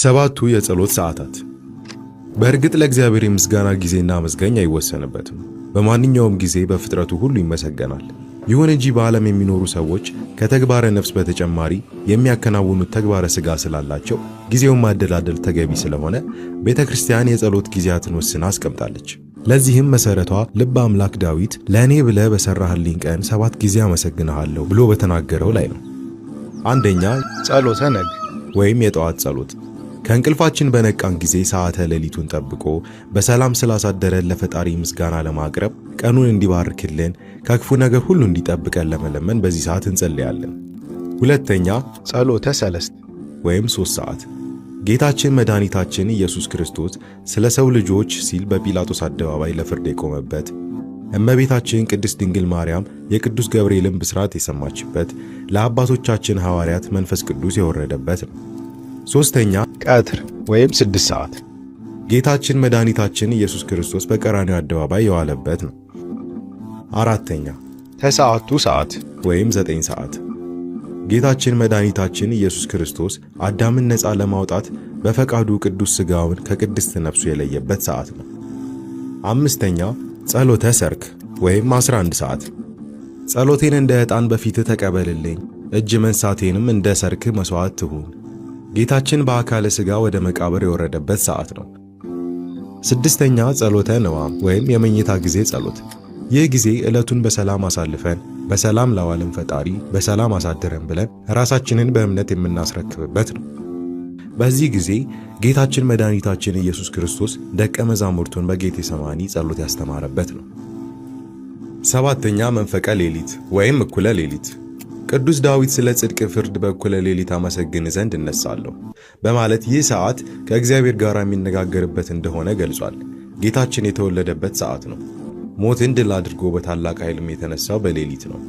ሰባቱ የጸሎት ሰዓታት። በእርግጥ ለእግዚአብሔር የምስጋና ጊዜና መዝገኝ አይወሰንበትም። በማንኛውም ጊዜ በፍጥረቱ ሁሉ ይመሰገናል። ይሁን እንጂ በዓለም የሚኖሩ ሰዎች ከተግባረ ነፍስ በተጨማሪ የሚያከናውኑት ተግባረ ሥጋ ስላላቸው ጊዜውን ማደላደል ተገቢ ስለሆነ ቤተ ክርስቲያን የጸሎት ጊዜያትን ወስና አስቀምጣለች። ለዚህም መሠረቷ ልበ አምላክ ዳዊት ለእኔ ብለ በሠራህልኝ ቀን ሰባት ጊዜ አመሰግንሃለሁ ብሎ በተናገረው ላይ ነው። አንደኛ ጸሎተ ነግ ወይም የጠዋት ጸሎት ከእንቅልፋችን በነቃን ጊዜ ሰዓተ ሌሊቱን ጠብቆ በሰላም ስላሳደረን ለፈጣሪ ምስጋና ለማቅረብ ቀኑን እንዲባርክልን ከክፉ ነገር ሁሉ እንዲጠብቀን ለመለመን በዚህ ሰዓት እንጸልያለን። ሁለተኛ ጸሎተ ሰለስት ወይም ሦስት ሰዓት ጌታችን መድኃኒታችን ኢየሱስ ክርስቶስ ስለ ሰው ልጆች ሲል በጲላጦስ አደባባይ ለፍርድ የቆመበት እመቤታችን ቅድስት ድንግል ማርያም የቅዱስ ገብርኤልን ብሥራት የሰማችበት ለአባቶቻችን ሐዋርያት መንፈስ ቅዱስ የወረደበት ነው። ሶስተኛ ቀትር ወይም ስድስት ሰዓት ጌታችን መድኃኒታችን ኢየሱስ ክርስቶስ በቀራንዮ አደባባይ የዋለበት ነው። አራተኛ ተሰዓቱ ሰዓት ወይም ዘጠኝ ሰዓት ጌታችን መድኃኒታችን ኢየሱስ ክርስቶስ አዳምን ነፃ ለማውጣት በፈቃዱ ቅዱስ ሥጋውን ከቅድስት ነፍሱ የለየበት ሰዓት ነው። አምስተኛ ጸሎተ ሰርክ ወይም 11 ሰዓት ጸሎቴን እንደ ዕጣን በፊትህ ተቀበልልኝ፣ እጅ መንሳቴንም እንደ ሰርክ መሥዋዕት ትሁን ጌታችን በአካለ ሥጋ ወደ መቃብር የወረደበት ሰዓት ነው። ስድስተኛ ጸሎተ ነዋ ወይም የመኝታ ጊዜ ጸሎት። ይህ ጊዜ ዕለቱን በሰላም አሳልፈን በሰላም ለዋለም ፈጣሪ በሰላም አሳድረን ብለን ራሳችንን በእምነት የምናስረክብበት ነው። በዚህ ጊዜ ጌታችን መድኃኒታችን ኢየሱስ ክርስቶስ ደቀ መዛሙርቱን በጌቴሰማኒ ጸሎት ያስተማረበት ነው። ሰባተኛ መንፈቀ ሌሊት ወይም እኩለ ሌሊት ቅዱስ ዳዊት ስለ ጽድቅ ፍርድ በኩለ ሌሊት አመሰግን ዘንድ እነሳለሁ በማለት ይህ ሰዓት ከእግዚአብሔር ጋር የሚነጋገርበት እንደሆነ ገልጿል። ጌታችን የተወለደበት ሰዓት ነው። ሞትን ድል አድርጎ በታላቅ ኃይልም የተነሳው በሌሊት ነው።